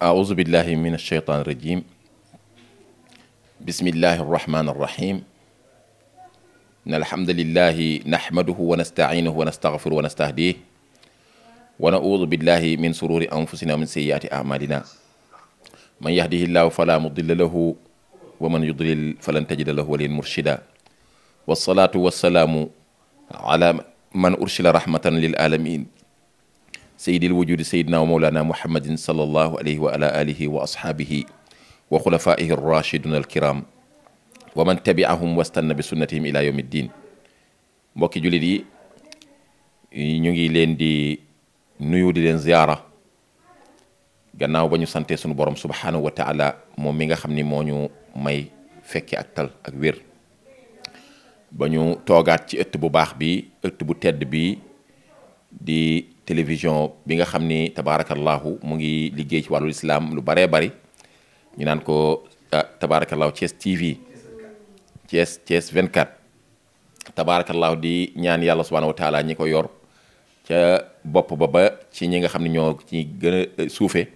أعوذ بالله من الشيطان الرجيم بسم الله الرحمن الرحيم إن الحمد لله نحمده ونستعينه ونستغفره ونستهديه ونعوذ بالله من سرور أنفسنا ومن سيئات أعمالنا من يهده الله فلا مضل له ومن يضلل فلن تجد له وليا مرشدا والصلاة والسلام على من أرسل رحمة للعالمين sayyidil wujudi sayyidina wa mawlana muhammadin sallallahu alayhi wa ala alihi wa ashaabihi wa xulafaihi rachiduna alkiram wa man tabiahum wastanna bi sunnatihim ila yawmi ddin mbokki jullit yi ñu ngi leen di nuyu di leen ziyaara gannaaw ba ñu sante suñu borom subhaanahu wa taala moom mi nga xam ni moo ñu may fekke ak tal ak wér ba ñu toogaat ci ëtt bu baax bi ëtt bu tedd bi di télévision bi nga xam ni tabaarakallahu mu ngi liggéey ci wàllu lislaam lu baree bari ñu naan ko ah, tabaarakallahu Thiès TV Thiès Thiès 24 tabaarakallahu di ñaan yàlla subhaanahu wa ñi ko yor ca bopp ba ba ci ñi nga xam ne ñoo ci gën a eh, suufe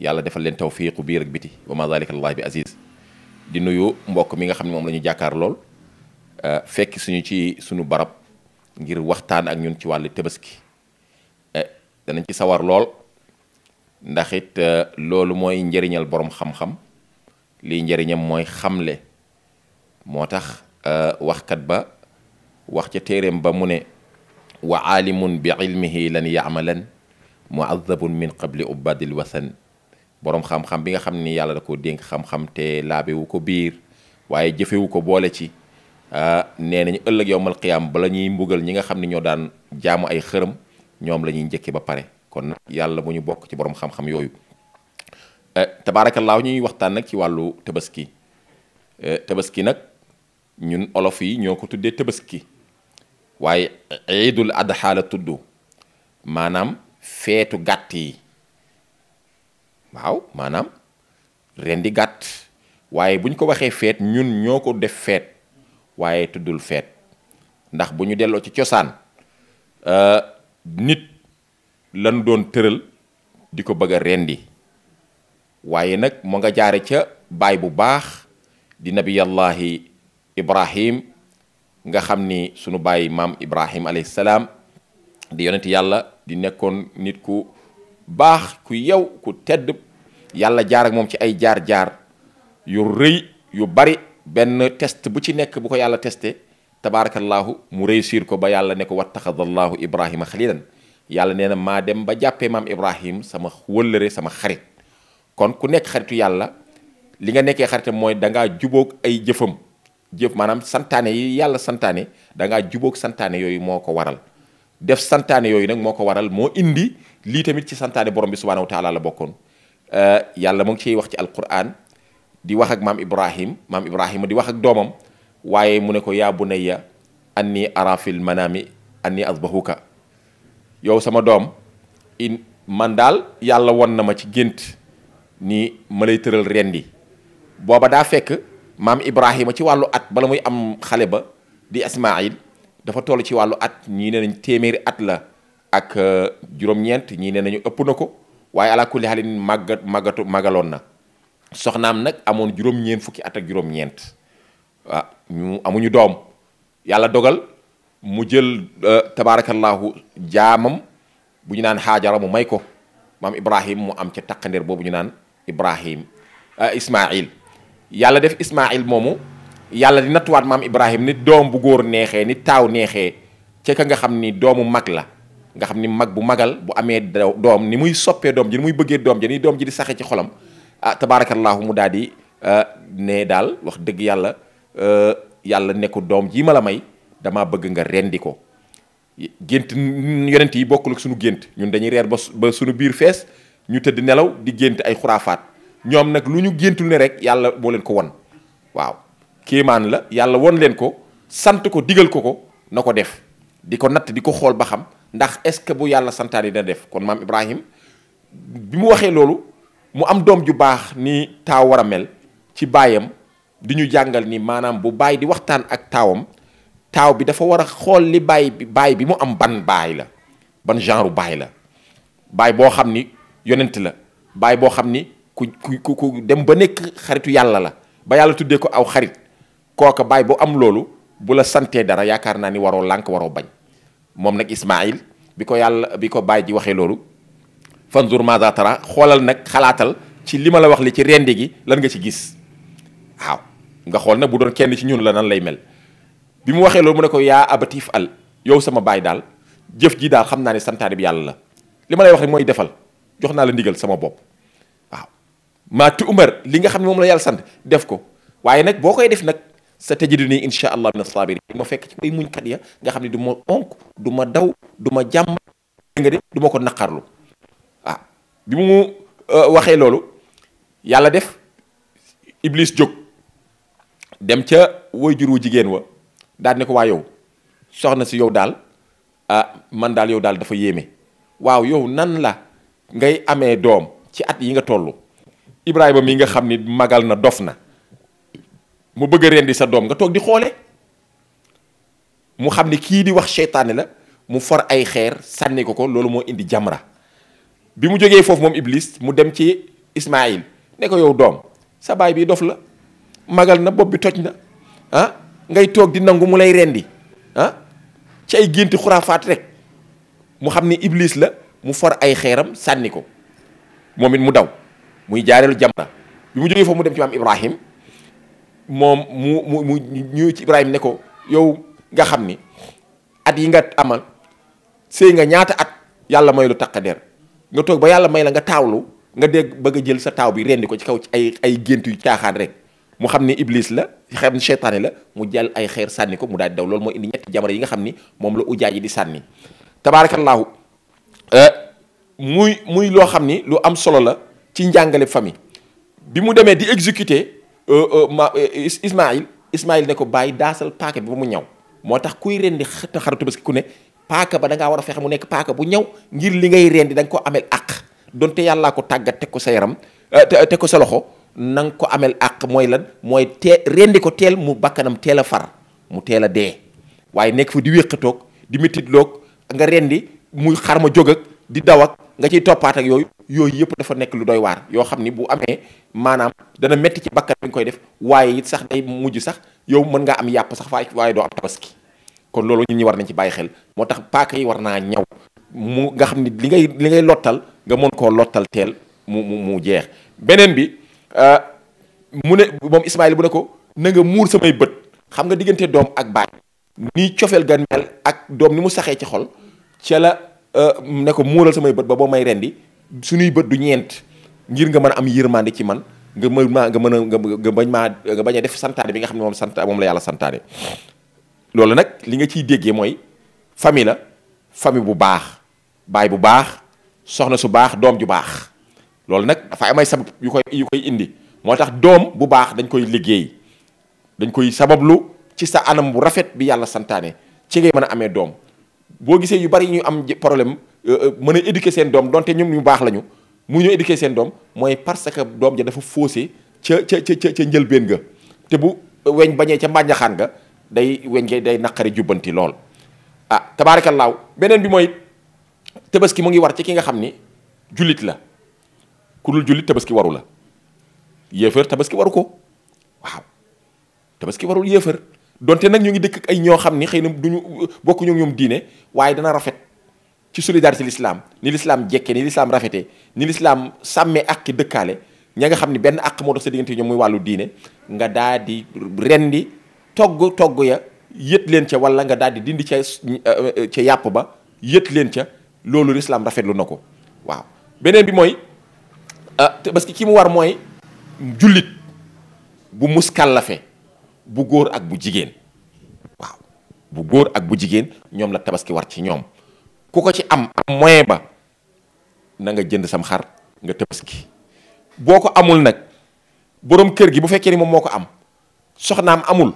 yàlla defal leen tawfiiqu biir ak biti wa ma zalika allah bi aziz di nuyu mbokk mi nga xam ne moom la ñu jàkkaar lool eh, fekk suñu ci suñu barab ngir waxtaan ak ñun ci wàllu tabaski danañ ci sawar lool ndax it euh, loolu mooy njariñal boroom xam-xam lii njëriñam mooy xamle moo tax euh, waxkat ba wax ca téeréem ba mu ne wa aalimun bi ilmihi lan yaamalan muazzabun min qabli ubadil wasan borom xam-xam bi nga xam ni yàlla la ko dénk xam-xam te laabewu ko biir waaye jëfewu ko boole ci euh, nee nañu ëllëg yowmal qiyaam bala ñuy mbugal ñi nga xam ni ñoo daan jaamu ay xërëm ñoom la ñuy njëkkee ba pare kon yàlla bu ñu bokk ci boroom xam-xam yooyu eh, tabaarakallaahu ñuy waxtaan nag ci wàllu tabaski eh, tabaski nag ñun olof yi ñoo ko tuddee tabaski waaye iidul adha la tudd maanaam feetu gàtt yi waaw maanaam rendi gàtt waaye bu ñu ko waxee feet ñun ñoo ko def feet waaye tuddul feet ndax bu ñu delloo ci cosaan eh, nit lan doon tëral di ko bëgg a rendi waaye nag mu nga jaare ca baay bu baax di nabiyallahi ibrahim nga xam ni sunu baay maam ibrahim alayhi salaam di yonent yàlla di nekkoon nit ku baax ku yow ku tedd yàlla jaar moom ci ay jaar-jaar yu rëy yu bari benn test bu ci nekk bu ko yàlla teste tabaarakallaahu mu réussir ko ba yàlla ne ko wattaxadallaahu ibrahima xalilan yàlla nee na maa dem ba jàppee maam ibrahim sama wëllëre sama xarit kon ku nekk xaritu yàlla li nga nekkee xaritam mooy da ngaa jubóog ay jëfam jëf maanaam santaane yi yàlla santaane da ngaa jubóog santaane yooyu moo ko waral def santaane yooyu nag moo ko waral moo indi lii tamit ci santaane borom bi subhaanahu wa taala la bokkoon euh, yàlla mu ngi ciy wax ci alquran di wax ak maam ibrahim maam ibrahima di wax ak doomam waaye mu ne ko yaa bunayya anni ara fil manami anni azbahuka yow sama doom in man daal yàlla won na ma ci gént ni ma lay tëral rendi booba daa fekk maam Ibrahima ci wàllu at bala muy am xale ba di Ismaayil dafa toll ci wàllu at ñii ne nañ téeméeri at la ak euh, juróom-ñeent ñii ne nañu ëpp na ko waaye ala kulli xalin màggat màggatu màggaloon na soxnaam nag amoon juróom-ñeent fukki at ak juróom-ñeent ah ñu amuñu doom yàlla dogal mu jël euh, tabaarakallaahu jaamam bu ñu naan xaajara mu may ko maam Ibrahim mu am ca taqandeer boobu ñu naan Ibrahim euh, Ismail yàlla def Ismail moomu yàlla di nattuwaat maam Ibrahim ni doom bu góor neexee ni taaw neexee ca nga xam ni doomu mag la nga xam ni mag bu magal bu amee doom ni muy soppee doom ji ni muy bëggee doom ji ni doom ji di saxee ci xolam ah tabaarakallaahu mu daal di euh, ne daal wax dëgg yàlla. Euh, yàlla nekku doom ji ma la may damaa bëgg nga rendi ko gént yonent yi bokkul ak sunu gént ñun dañuy reer ba ba sunu biir fees ñu tëdd nelaw di gént ay xuraafaat ñoom nag lu ñu géntul ne rek yàlla moo leen ko won waaw kéemaan la yàlla won leen ko sant ko digal ko ko na ko def di ko natt di ko xool ba xam ndax est-ce que bu yàlla santaane dina def kon maam Ibrahim bi mu waxee loolu mu am doom ju baax ni taa war a mel ci baayam di ñu jàngal ni maanaam bu baay di waxtaan ak taawam taaw bi dafa war a xool li baay bi baay bi mu am ban baay la ban genre baay la baay boo xam ni yonent la baay boo xam ni ku ku ku dem ba nekk xaritu yàlla la ba yàlla tuddee ko aw xarit kooka baay bu am loolu bu la santee dara yaakaar naa ni waroo lànk waroo bañ moom nag Ismaïl bi ko yàlla bi ko baay di waxee loolu fanzur maza tara xoolal nag xalaatal ci li ma la wax li ci rendi gi lan nga ci gis waaw nga xool nag bu doon kenn ci ñun la nan lay mel bi mu waxee loolu mu ne ko yaa abatif al yow sama baay daal jëf ji daal xam naa ne santaane bi yàlla la li ma lay wax mooy defal jox naa la ndigal sama bopp waaw maa tu li nga xam ne moom la yàlla sant def ko waaye nag boo koy def nag sa tajidu nii insha allah mina saabiri ma fekk ci bay muñkat ya nga xam ne du ma onk du ma daw du jàmm nga de ko naqarlu waaw bi mu euh, waxee loolu yàlla def iblis jóg dem ca waajur wu jigéen wa daal ne ko waa yow soxna si yow daal ah man daal yow daal dafa yéeme waaw yow nan la ngay amee doom ci at yi nga toll Ibrahima mi nga xam ni magal na dof na mu bëgg a rendi sa doom nga toog di xoole mu xam ni kii di wax seytaane la mu for ay xeer sànni ko ko loolu moo indi jamra bi mu jógee foofu moom Iblis mu dem ci Ismaïl ne ko yow doom sa baay bii dof la magal na bopp bi toj na ah ngay toog di nangu mu lay rendi ah ci ay génti xuraafaat rek mu xam ni iblis la mu for ay xeeram sànni ko moom it mu daw muy jaareelu jamra bi mu jógee foofu mu dem ci maam Ibrahim moom mu mu mu ñëw ci Ibrahim ne ko yow nga xam ni at yi nga amal sëy nga ñaata at yàlla may lu takk der nga toog ba yàlla may la nga taawlu nga dégg bëgg a jël sa taaw bi rendi ko ci kaw ci ay ay gént yu caaxaan rek mu xam ni iblis la xam ni seytaane la mu jàll ay xeer sànni ko mu daal di loolu mooy indi ñetti jamara yi nga xam ni moom la ujaay yi di sànni tabaarakallaahu euh, muy muy loo xam ni lu am solo la ci njàngale famille bi mu demee di exécuter euh, euh, ma Ismaïl Ismaïl ne ko bàyyi daasal paaka bi ba mu ñaw moo tax kuy rendi xaru tabaski ku ne paaka ba da ngaa war a fexe mu nekk paaka bu ñaw ngir li ngay rendi da nga ko amel àq donte yàllaa ko tàggat teg ko sa yaram teg ko sa loxo. na nga ko amel àq mooy lan mooy tee rendi ko teel mu bakkanam teel a far mu teel a dee waaye nekk fa di wéqatoog di métitloog nga rendi muy xar ma jóg ak di daw ak nga ciy toppaat ak yooyu yooyu yëpp dafa nekk lu doy waar yoo xam ni bu amee maanaam dana metti ci bakkan bi koy def waaye it sax day mujj sax yow mën ngaa am yàpp sax faay waaye doo am tabaski kon loolu ñun ñi war nañ ci bàyyi xel moo tax paaka yi war naa ñaw mu nga xam ni li ngay li ngay lottal nga mën koo lottal teel mu mu mu jeex beneen bi Euh, mu ne moom Ismaïl bu ne ko na nga muur samay bët xam nga diggante doom ak baay nii cofeel gan mel ak doom ni mu saxee ci xol ca la euh, ne ko muural samay bët ba boo may rendi suñuy bët du ñeent ngir nga mën a am yërmande ci man nga mën maa nga mën a nga bañ maa nga bañ a def santaane bi nga xam ne moom santa moom la yàlla santaane loolu nag li nga ciy déggee mooy famille la famille bu baax baay bu baax soxna su baax doom ju baax loolu nag dafa am ay sabab yu koy yu koy indi moo tax doom bu baax dañ koy liggéey dañ koy sabablu ci sa anam bu rafet bi yàlla santaane ci ngay mën a amee doom boo gisee yu bari ñu am problème euh, euh, mën a éduquer seen doom donte ñoom ñu baax lañu mu ñu éduquer seen doom mooy parce que doom ja dafa faussé ca ca ca ca njëlbeen ga te bu weñ bañee ca mbànjaxaan ga day weñ ge day naqari jubbanti lool ah tabaarakallaahu beneen bi mooy ki mu ngi war ci ki nga xam ni jullit la ku dul jullit tabaski waru la yéefar tabaski waru ko waaw tabaski warul yéefar donte nag ñu ngi dëkk ay ñoo xam ni xëy na duñu bokk ñu ñoom diine waaye dana rafet ci solidarité l'islam ni l'islam jekkee ni l'islam rafetee ni lislaam sàmmee ak ki dëkkaale ña nga xam ni benn ak moo dox sa diggante ñoom muy wàllu diine nga daal di rendi togg togg ya yët leen ca walla nga daal di dindi ca ca yàpp ba yët leen ca loolu l'islam rafetlu na ko waaw beneen bi mooy ah parce que ki mu war mooy jullit bu muskallafe bu góor ak bu jigéen waaw bu góor ak bu jigéen ñoom la tabaski war ci ñoom ku ko ci am am moyen ba na nga jënd sam xar nga tabaski boo ko amul nag boroom kër gi bu fekkee ni moom moo ko am soxnaam amul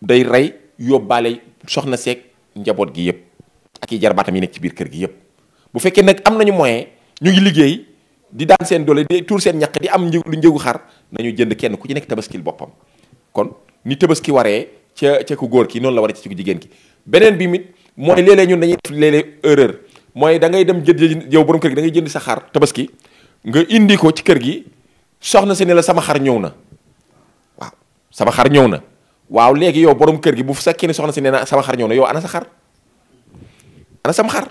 day rey yóbbaale soxna seek njaboot gi yëpp ak i jarbaatam yi nekk ci biir kër gi yëpp bu fekkee nag am nañu moyen ñu ngi liggéey di daan seen doole di tuur seen ñaq di am njëgu lu njëgu xar nañu jënd kenn ku ci nekk tabaskil boppam kon ni tabaski waree ca ca ku góor ki noonu la waree ci ku jigéen ki beneen bi mit mooy léeg-léeg ñun dañuy def léeg-léeg erreur mooy da dem jënd yow borom kër gi da ngay jënd sa xar tabaski nga indi ko ci kër gi soxna si ne la sama xar ñëw na waaw sama xar ñëw na waaw léegi yow borom kër gi bu fekkee ne soxna si ne na sama xar ñëw na yow ana sa xa ana xar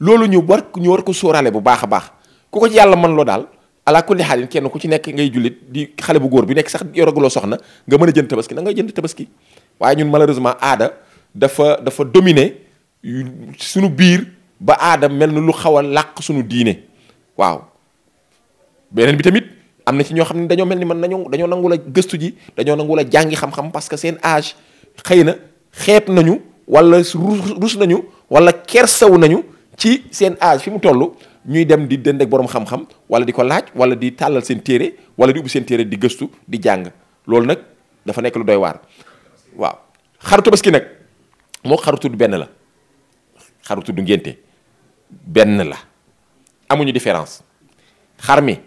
loolu ñu war ñu war ko sóoraale bu baax a baax ku ko ci yàlla mën loo daal ala kulli xaalin kenn ku ci nekk ngay jullit di xale bu góor bi nekk sax yoraguloo soxna nga mën a jënd tabaski na ngay jënd tabaski waaye ñun malheureusement aada dafa dafa dominer suñu biir ba aada mel na lu xaw a làq suñu diine waaw beneen bi tamit am na ci ñoo xam ne dañoo mel ni man nañu dañoo nangu la gëstu ji dañoo nangu la jàngi xam-xam parce que seen age xëy na xeeb nañu wala rus nañu wala sew nañu ci seen âge fi mu toll ñuy dem di dënd ak borom xam-xam wala di ko laaj wala di tàllal seen téere wala di ubbi seen téere di gëstu di jàng loolu nag dafa nekk lu doy waar waaw xaru tabaski nag moo xaru tudd benn la xaru tudd ngénte benn la amuñu différence xar mi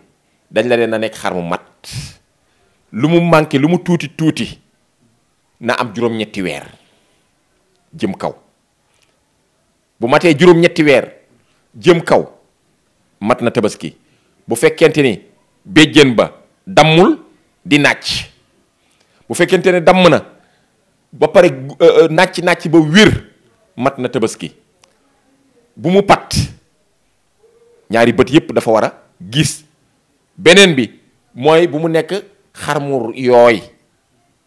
dañ la leen a nekk xar mu mat lu mu manqué lu mu tuuti tuuti na am juróom-ñetti weer jëm kaw bu matee juróom-ñetti weer jëm kaw mat na tabaski bu fekkente ni béjjén ba dammul di nàcc bu fekkente ne damm na ba pare euh, euh, nàcc nàcc ba wir mat na tabaski bu mu pat ñaari bët yépp dafa war a gis beneen bi mooy bu mu nekk xarmu yooy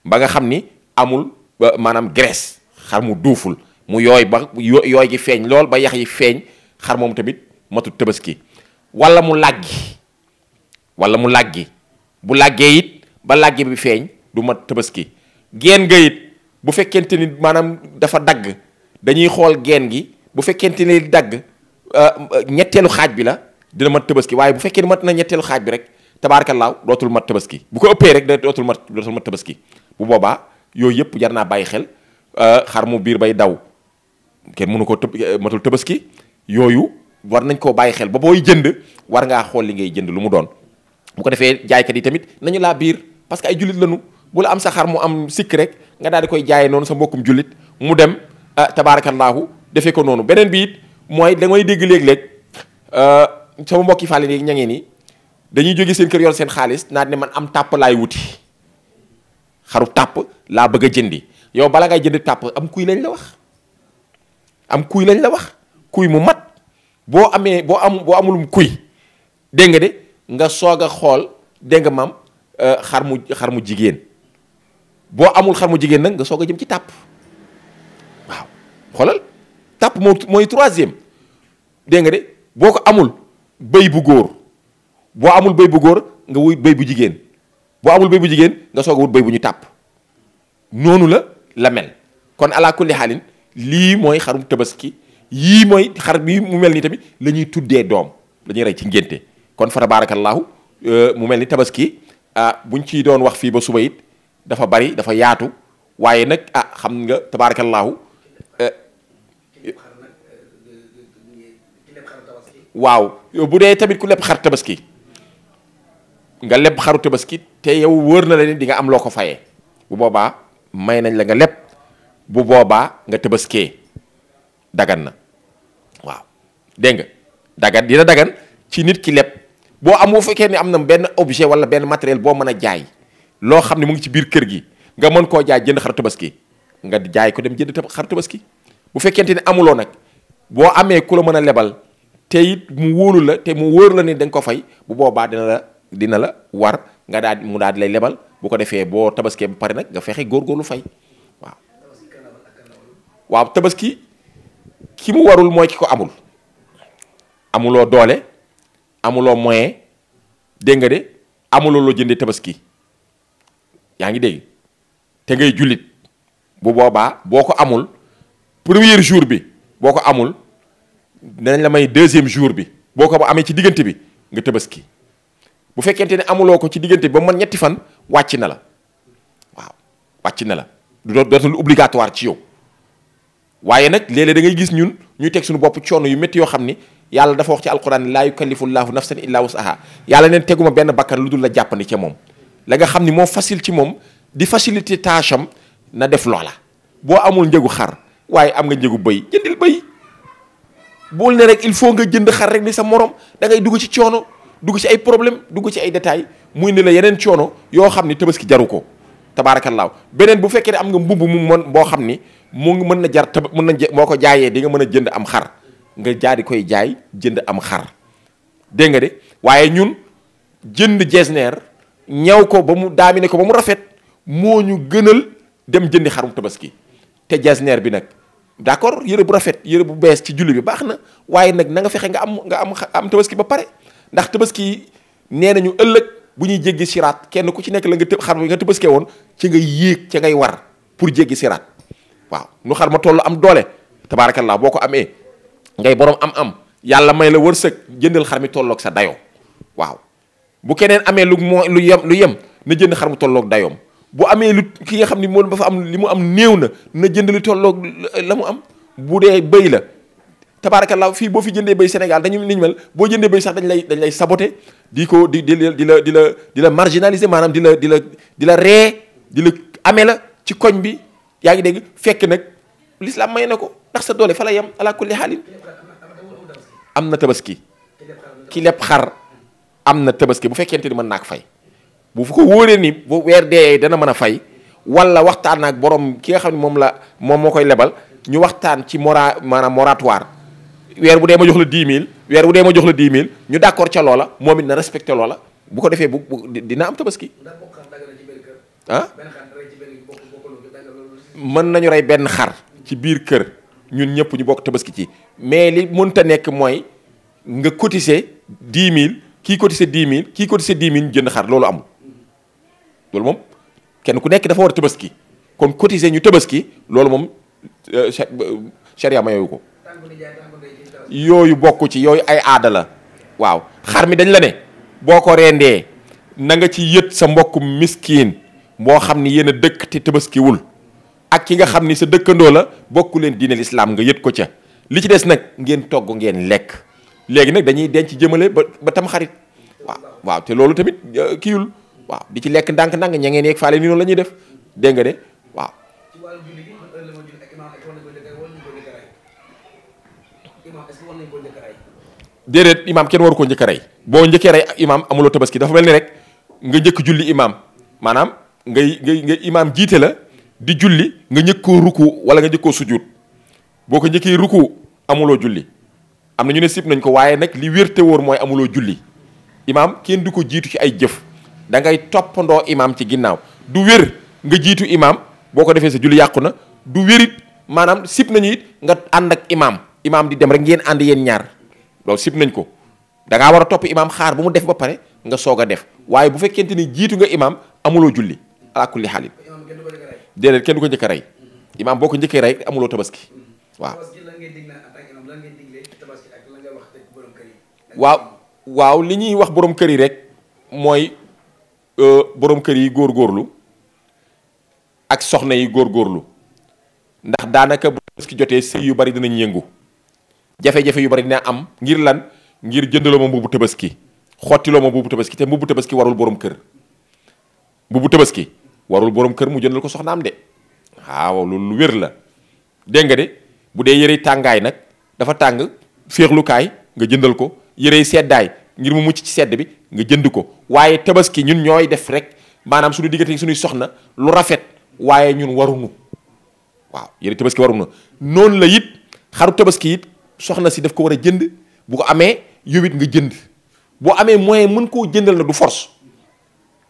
ba nga xam ni amul maanaam graisse xar mu duuful mu yooy ba yooy gi feeñ lool ba yax yi feeñ xar moom tamit matut tabaski wala mu làggi wala mu làggi bu làggee it ba làggi bi feeñ du mat tabaski geen nga it bu fekkente ni maanaam dafa dagg dañuy xool geen gi bu fekkente ni dagg euh, euh, ñetteelu xaaj bi la dina mat tabaski waaye bu fekkee mat na ñetteelu xaaj bi rek tabaarkallaaw dootul mat tabaski bu ko ëppee rek da dootul mat dootul mat tabaski bu boobaa yooyu yëpp jar naa bàyyi xel euh, xar mu biir bay daw kenn mënu koo tëb matul tëbaski yooyu war nañ koo bàyyi xel ba booy jënd war ngaa xool li ngay jënd lu mu doon bu ko defee jaaykat yi tamit nañu laa biir parce que ay jullit lañu bu la am sa xar mu am sikk rek nga daal di koy jaayee noonu sa mbokkum jullit mu dem ah, tabaarakallaahu defee ko noonu beneen bi it mooy da dégg léeg-léeg ah, sama mbokki fàlle yi ña ngeen ni dañuy jóge seen kër yor seen xaalis naa ne man am tàpp laay wuti xaru tàpp laa bëgg a jëndi yow bala ngay jënd tàpp am kuy lañ la wax am kuy lañ la wax kuy mu mat boo amee boo am boo amulum kuy dégg nga de nga soog a xool dégg nga maam euh, xar mu xar mu jigéen boo amul xar mu jigéen nag nga soog a jëm ci tàpp waaw xoolal tàpp mooy troisième dégg de boo ko amul béy bu góor boo amul béy bu góor nga wut béy bu jigéen boo amul béy bu jigéen nga soog a wut béy bu ñu tàpp noonu la la mel kon ala kulli xaalin lii mooy xarum tabaski yii mooy xar bi mu mel ni tamit lañuy tuddee doom la ñuy rey ci ngénte kon fa tabaarakallaahu euh, mu mel ni tabaski ah buñ ci doon wax fii ba suba it dafa bari dafa yaatu waaye nag ah xam nga tabaarakallaahu euh, waaw bu dee tamit ku leb xar tabaski nga leb xaru tabaski te yow wóor na la ne di nga am loo ko fayee bu boobaa may nañ la nga leb bu boobaa nga tabaskee dagan na waaw dégg nga dagan dina dagan ci nit ki leb boo am bu fekkee ni am na benn objet wala benn matériel boo mën a jaay loo xam ne mu ngi ci biir kër gi nga mën koo jaay jënd xar tabaski nga jaay ko dem jënd xar tabaski bu fekkente ni amuloo nag boo amee ku la mën a lebal te it mu wóolu la te mu wóor la ni da ko fay bu boobaa dina la dina la war nga daal mu daal di lay lebal bu ko defee boo tabaskee bu pare nag nga fexe góorgóorlu fay waaw tabaski ki mu warul mooy ki ko amul amuloo doole amuloo moyen dégg nga de amuloo loo jëndee tabaski yaa ngi dégg te ngay jullit bu boobaa boo ko amul premier jour bi boo ko amul dinañ la may deuxième jour bi boo ko amee ci diggante bi nga tabaski bu fekkente ne amuloo ko ci diggante bi ba man ñetti fan wàcc na la waaw wàcc na la dootul obligatoire ci yow. waaye nag léeg-léeg da ngay gis ñun ñu teg suñu bopp coono yu métti yoo xam ni yàlla dafa wax ci alquran ni laa yukallifu llaahu nafsan illaa wusaha yàlla neen teguma benn bakkan lu dul la jàppandi ca moom la nga xam ni moo facile ci moom di facilité tâche na def loola boo amul njëgu xar waaye am nga njëgu bëy jëndil bëy bool ne rek il faut nga jënd xar rek ni sa morom dangay dugg ci coono dugg ci ay problème dugg ci ay détails muy ni la yeneen coono yoo xam ni tabaski jaru ko tabaarakallaahu beneen bu fekkee ne am nga mbubb mu mon boo xam ni mu ngi mën na jar tab mën na boo ko jaayee di nga mën a jënd am xar nga jaari koy jaay jënd am xar dégg de waaye ñun jënd jesneer ñaw ko ba mu daamine ko ba mu rafet moo ñu gënal dem jëndi xarum tabaski te jesneer bi nag d'accord yére bu rafet yëre bu bees ci julli bi baax na waaye nag na nga fexe nga am nga am am tabaski ba pare ndax tabaski nee nañu ëllëg bu ñuy jéggi siraat kenn ku ci nekk la nga tëb xar bi nga tabaskee woon ci nga yéeg ca ngay war pour jéggi siraat waaw nu xar ma toll am doole tabaarakallaa boo ko amee ngay borom am-am yàlla may la wërsëg jëndal xar mi tollook sa dayoo waaw bu keneen amee lu moo lu yem lu yem na jënd xar mu tolloog dayoom bu amee lu ki nga xam ni moom dafa am li mu am néew na na jënd lu tolloog la mu am bu dee béy la tabaarakallaa fii boo fi jëndee béy Sénégal dañu niñ mel boo jëndee béy sax dañ lay dañ lay saboter di ko di di di la di la di la marginaliser maanaam di la di la di la ree di amee la ci koñ bi yaa ngi dégg fekk nag l'islam may na ko ndax sa doole fa la yem ala kulli xaalin am na tabaski ki lépp xar am na tabaski bu fekkente ni mën naa ko fay bu fu ko wóoree ni bu weer dee dana mën a fay wala waxtaan ak borom ki nga xam ne moom la moom moo koy lebal ñu waxtaan ci mora maanaam moratoire weer bu dee ma jox la 10 000 weer bu dee ma jox la 10 000 ñu d'accord ca loola moom it na respecté loola bu ko defee bu dina am tabaski mën nañu rey benn xar ci biir kër ñun ñëpp ñu bokk tabaski ci mais li mënta nekk mooy nga cotiser dix mille kii cotiser dix mille kii cotiser dix mille ñu jënd xar loolu amul loolu moom kenn ku nekk dafa war a tabaski kon cotiser ñu tabaski loolu moom euh, euh, charia mayoyu ko yooyu bokk ci yooyu ay aadala waaw xar mi dañ la ne boo ko rendee na nga ci yët sa mbokku miskiin boo xam ni yéen a dëkk te tabaskiwul ak ki nga xam ni sa dëkkandoo la bokku leen diine lislaam nga yët ko ca li ci des nag ngeen togg ngeen lekk léegi nag dañuy denc jëmale ba ba tam xarit waaw waaw te loolu tamit euh, kiiwul waaw di ci lekk ndànk-ndànk ña ngeen yeeg faale ni noonu la def dégg nga de waaw. déedéet imaam kenn waru ko njëkk a rey boo njëkkee rey imaam amuloo tabaski dafa mel ni rek nga njëkk julli imaam maanaam ngay ngay ngay imaam jiite la. di julli nga njëkkoo ruku wala nga njëkkoo sujud boo ko njëkkee ruku amuloo julli am na ñu ne sib nañ ko waaye nag li wér te wóor mooy amuloo julli imaam kenn du ko jiitu ci ay jëf da ngay toppandoo imaam ci ginnaaw du wér nga jiitu imaam boo ko defee sa julli yàqu na du wérit maanaam sib nañu it nga ànd ak imaam imaam di dem rek ngeen ànd yéen ñaar loolu sib nañ ko da ngaa war a topp imaam xaar ba mu def ba pare nga sooga def waaye bu fekkente ni jiitu nga imaam amuloo julli ala kulli xaalit déedéet kenn du ko njëkk rey imaam boo ko njëkkee rey amuloo tabaski waaw. waaw li ñuy wax boroom kër yi rek mooy euh, boroom kër yi góor góorlu ak soxna yi góorlu ndax daanaka bu tabaski jotee sëy yu bari dinañ yëngu jafe-jafe yu bari dina am ngir lan ngir jëndaloo ma mbubu tabaski xottiloo ma mbubu tabaski te mbubu tabaski warul boroom kër mbubu tabaski. warul borom kër mu jëndal ko soxnaam de waaw loolu lu wér la dégg nga de bu dee yërey tàngaay nag dafa tàng féexlukaay nga jëndal ko yërey seddaay ngir mu mucc ci sedd bi nga jënd ko waaye tabaski ñun ñooy def rek maanaam suñu diggante suñuy soxna lu rafet waaye ñun waruñu waaw yëre tabaski waru na noonu la it xaru tabaski it soxna si daf ko war a jënd bu ko amee yow nga jënd boo amee moyen mën koo jëndal na du force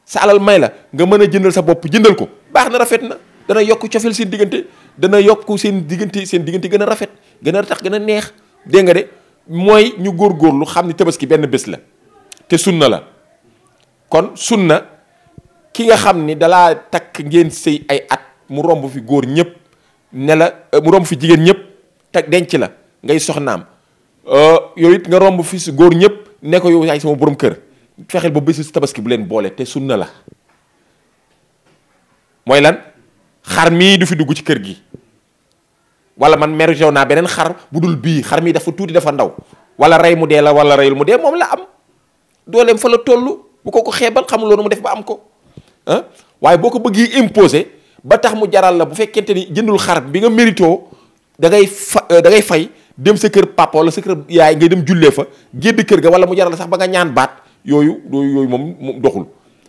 sa alal may la nga mën a jëndal sa bopp jëndal ko baax na rafet na dana yokk cofeel seen diggante dana yokk seen diggante seen diggante gën a rafet gën a tax gën a neex dégg nga de mooy ñu góor góor góorgóorlu xam ni tabaski benn bés la te na la kon sun na ki nga xam ni dalaa takk ngeen sëy ay at mu romb fi góor ñëpp ne la euh, mu romb fi jigéen ñëpp teg denc la ngay soxnaam euh, yooyu it nga romb fi góor ñëpp ne ko yow yaay sama borom kër fexeel ba bésu tabaski bu leen boole te sunna la mooy lan xar mii du fi dugg ci kër gi wala man meru jow naa beneen xar bu dul bii xar mii dafa tuuti dafa ndaw wala rey mu dee la wala reyul mu dee moom la am dooleem fa la toll bu ko ko xeebal xamul loolu mu def ba am ko waaye boo ko bëggee imposer ba tax mu jaral la bu fekkente ni jëndul xar bi nga méritoo da ngay fa euh, da fay dem sa kër papa wala sa kër yaay ngay dem jullee fa gédd kër ga wala mu jaral la ba nga ñaan baat yooyu yooyu moom moom doxul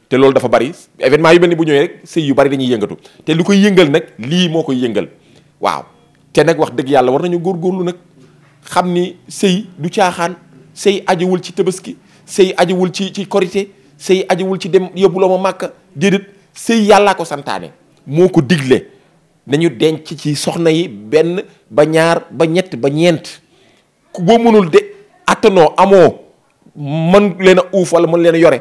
te loolu dafa bari événement yu mel ni bu ñëwee rek sëy yu bari dañuy yëngatu te lu koy yëngal nag lii moo koy yëngal waaw te nag wax dëgg yàlla war nañu góorlu nag xam ni sëy du caaxaan sëy ajowul ci tabaski sëy ajowul ci ci korité sëy ajowul ci dem yóbbu la ma màkk déedéet sëy yàllaa ko santaane moo ko digle nañu denc ci soxna yi benn ba ñaar ba ñett ba ñeent ku boo mënul de attanoo amoo mën leen a uuf wala mën leen a yore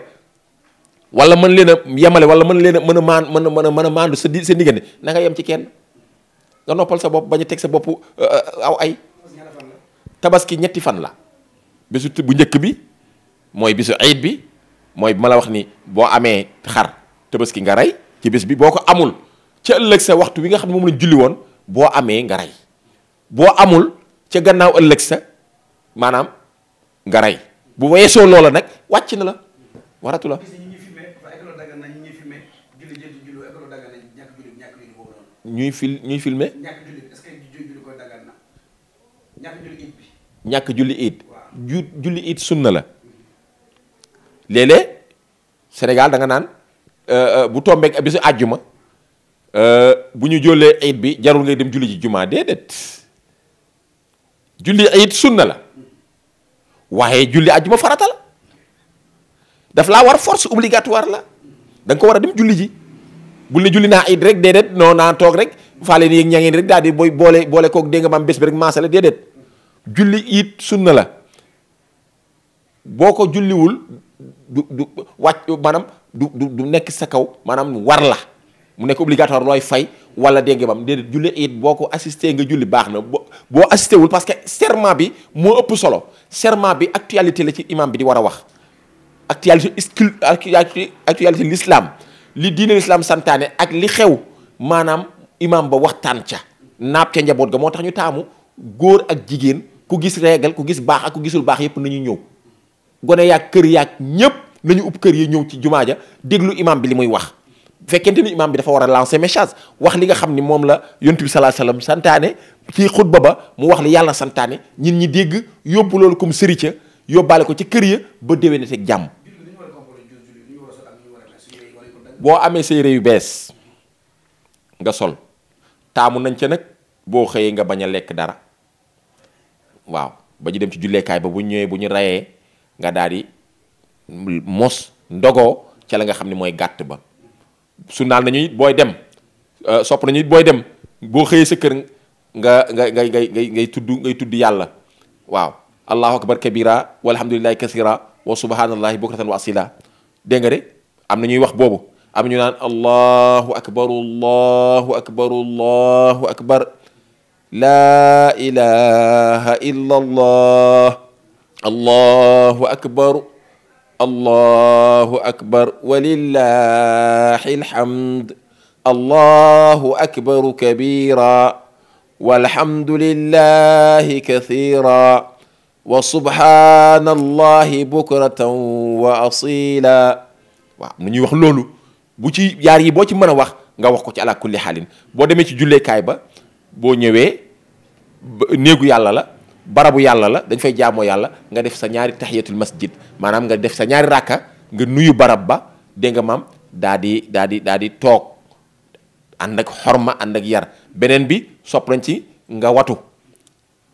walla mën leen yemale wala mën leen a mën a maan mën a mën a mën a maandu sa di sa diggante na yem ci kenn nga noppal sa bopp bañ a teg sa boppu euh, euh, aw ay tabaski ñetti fan la bisu bu njëkk bi mooy bisu ayit bi mooy bi ma la wax ni boo amee xar tabaski nga rey ci bés bi boo ko amul ca ëllëg sa waxtu wi nga xam ne moom lañ julli woon boo amee nga rey boo amul ca gannaaw ëllëg sa maanaam nga rey bu weesoo loola nag wàcc na la waratu la. ñuy fil ñuy filmer. ñàkk julli iid julli iid sunna la léeg-léeg Sénégal da naan euh, euh, bu tombeek bisu àjjuma euh, bu ñu jollee iid bi jarul ngay dem julli ci jumaa déedéet julli iid sunna la waaye julli àjjuma ma faratal daf laa war force obligatoire la da ko war a dem julli ji bu ne julli naa it rek déedéet non naa toog rek faale ni yéeg ña ngeen rek daal di booy boole boole koog dégg nga maam bés bi rek maasale déedéet julli it sunna la boo ko julliwul du du wàcc maanaam du du nekk sa kaw maanaam war la mu nekk obligatoire looy fay wala dégg bam déedéet julli boo ko assisté nga julli baax na boo boo assisté wul parce que serment bi moo ëpp solo serment bi actualité la ci imam bi di war a wax actualité scul actualité l'islam li diine l'islam santaane ak li xew maanaam imam ba waxtaan ca naab ca njaboot ga moo tax ñu taamu góor ak jigéen ku gis régal ku gis baax ak ku gisul baax yépp nañu ñëw gone yaag kër yaag ñépp nañu ub kër yi ñëw ci jumaa ja déglu imam bi li muy wax fekkente ni imaam bi dafa war a lancer message wax li nga xam ni moom la yontu bi sallallahu alayhi wasallam santaane ci xutba ba mu wax li yàlla santaane ñin ñi dégg yóbbu loolu comme sëri ca yóbbaale ko ci kër ya ba na ak jàmm. boo amee say yére yu bees nga sol taamu nañ ca nag boo xëyee nga bañ a lekk dara waaw ba ñu dem ci julleekaay ba bu ñëwee bu ñu reyee nga daal di mos ndogoo ca la nga xam ne mooy gàtt ba. su naal nañu booy dem euh, sopp nañu booy dem boo xëyee sa kër nga nga ngay ngay ngay tudd ngay tudd yàlla waaw allahu akbar kabira walhamdulillahi kasira wa subhanallahi bukratan wa asila dégg de am na ñuy wax boobu am ñu naan allahu akbar allahu akbar allahu akbar laa ilaha illa allah akbar allahu akbar walillahi alhamd allahu akbaru kabira walhamdulillahi kathira wa subhanallahi bukratan wa asila waaw nu ñuy wax loolu bu ci yaar yi boo ci mën a wax nga wax ko ci ala kulli xaalin boo demee ci julleekaay ba boo ñëwee néegu yàlla la barabu yàlla la dañ fay jaamoo yàlla nga def sa ñaari tahiyatul masjid maanaam nga def sa ñaari ràkka nga nuyu barab ba dégg nga maam daa di daa di daa di toog ànd ak ma ànd ak yar beneen bi sopp nañ ci nga watu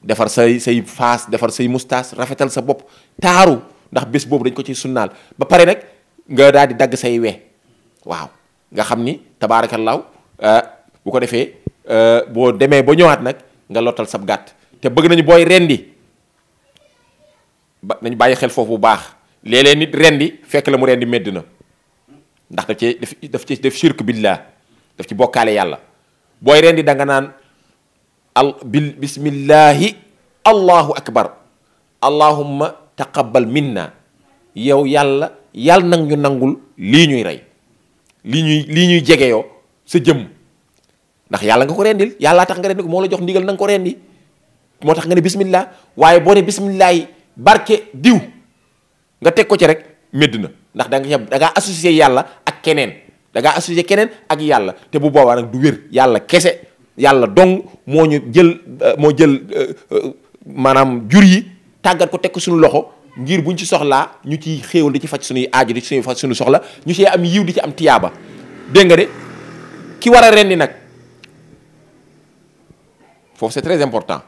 defar sa say faas defar say mustaas rafetal sa bopp taaru ndax bés boobu dañ ko ci sunnaal ba pare nag nga daal di dagg say we waaw nga xam ni tabaarakallaaw ah, bu ko defee ah, boo demee ba ñëwaat nag nga lottal sab gàtt te bëgg nañu booy rendi ba nañu bàyyi xel foofu bu baax léeg-léeg nit rendi fekk la mu rendi medd na ndax daf cee daf daf ci def daf ci bokkaale yàlla booy rendi da nga naan al bil bismillahi allahu akbar allahumma taqabbal minna yow yàlla yàlla nag ñu nangul lii ñuy rey lii ñuy lii ñuy jegeyoo sa jëmm ndax yàlla nga ko rendil yàllaa tax nga rendi ko moo la jox ndigal na ko rendi moo tax nga ne bismillah waaye boo ne bismillah yi barke diw nga teg ko ci rek médd na ndax da nga da ngaa yàlla ak keneen da ngaa keneen ak yàlla te bu boobaa nag du wér yàlla kese yàlla dong moo ñu jël euh, moo jël euh, euh, maanaam jur yi tàggat ko teg ko suñu loxo ngir buñ ci soxlaa ñu ci xéewal di ci faj suñuy aajo di ci faj suñu soxla ñu ci am yiw di ci am tiyaaba dégg nga de ki war a rendi nag foofu c'est très important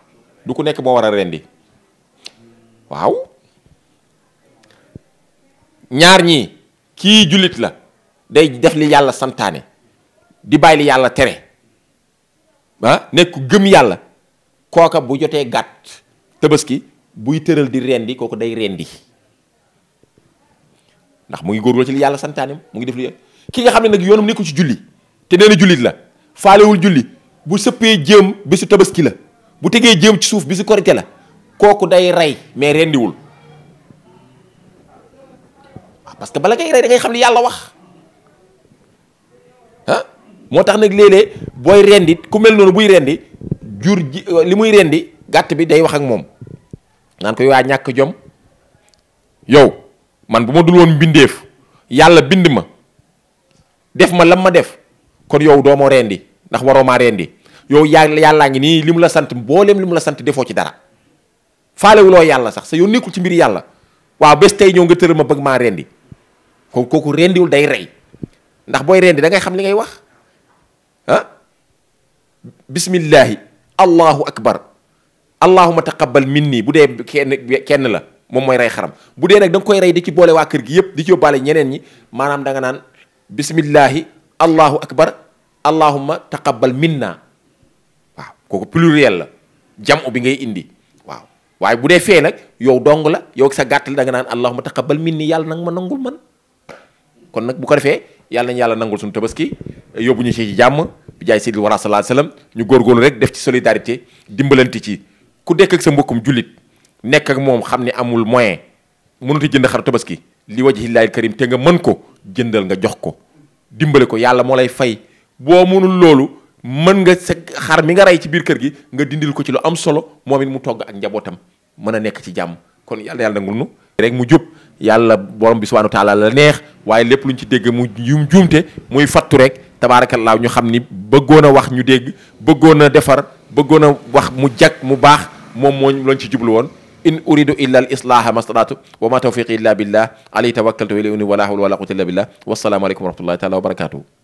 du ku nekk moo war a rendi waaw ñaar ñi kii jullit la day def li yàlla santaane di bàyyi li yàlla tere ah nekk gëm yàlla kooka bu jotee gàtt tabaski buy tëral di rendi kooku day rendi ndax mu ngi góorgóorlu ci li yàlla santaane mu ngi def li ki nga xam ne nag yoonam nekku ci julli te nee na jullit la faalewul julli bu sëppee jéem bésu tabaski la bu tegee jëm ci suuf bi si korite la kooku day rey mais rendiwul ah, parce que bala ngay rey da ngay xam li yàlla wax ah, moo tax nag léeg-léeg booy rendi ku mel noonu buy rendi jur ji euh, li muy rendi gàtt bi day wax ak moom naan koy waa ñàkk jom yow man bu ma dul woon mbindeef yàlla bind ma def ma lam ma def kon yow doo rendi ndax waroo maa rendi yow yàlla yàllaa ngi nii li mu la sant mbooleem li mu la sant defoo ci dara faalewuloo yàlla sax sa yow nekkul ci mbir yàlla waaw bés tey ñëw nga tëral ma bëgg maa rendi kon kooku rendiwul day rey ndax booy rendi da ngay xam li ngay wax ah bismillahi allahu akbar allahuma taqabbal minni bu dee kenn kenn la moom mooy rey xaram bu dee nag da koy rey di ci boole waa kër gi yëpp di ci yóbbaale ñeneen ñi maanaam da nga naan bismillahi allahu akbar allahuma taqabbal minna kooku pluriel la jamu bi ngay indi waaw waaye bu dee fee nag yow dong la yow sa gàttal da nga naan allahumma taqabbal minni yàlla nag ma nangul man kon nag bu ko defee yàlla nañ yàlla nangul suñu tabaski yóbbu ñu ci jàmm bi jaay sidil sa salaa salaam ñu góorgóorlu rek def ci solidarité dimbalante ci ku dekk ak sa mbokkum jullit nekk ak moom xam ne amul moyen mënut jënd xar tabaski li wajhi llaahil karim te nga mën ko jëndal nga jox ko dimbale ko yàlla mën nga sa xar mi nga rey ci biir kër gi nga dindil ko ci lu am solo moom it mu togg ak njabootam mën a nekk ci jàmm kon yàlla yàlla nangul nu rek mu jub yàlla borom bi subhanahu wa la neex waaye lépp luñ ci dégg mu yum juumte muy fattu rek tabaarakallaahu ñu xam ni bëggoon a wax ñu dégg bëggoon a defar bëggoon a wax mu jag mu baax moom moo loon ci jublu woon in uridu illa al islaha mastataatu wa ma tawfiqi illa billah alayhi tawakkaltu wa ilayhi wala hawla wala quwwata illa billah wassalaamu aleykum wa rahmatullahi taala wa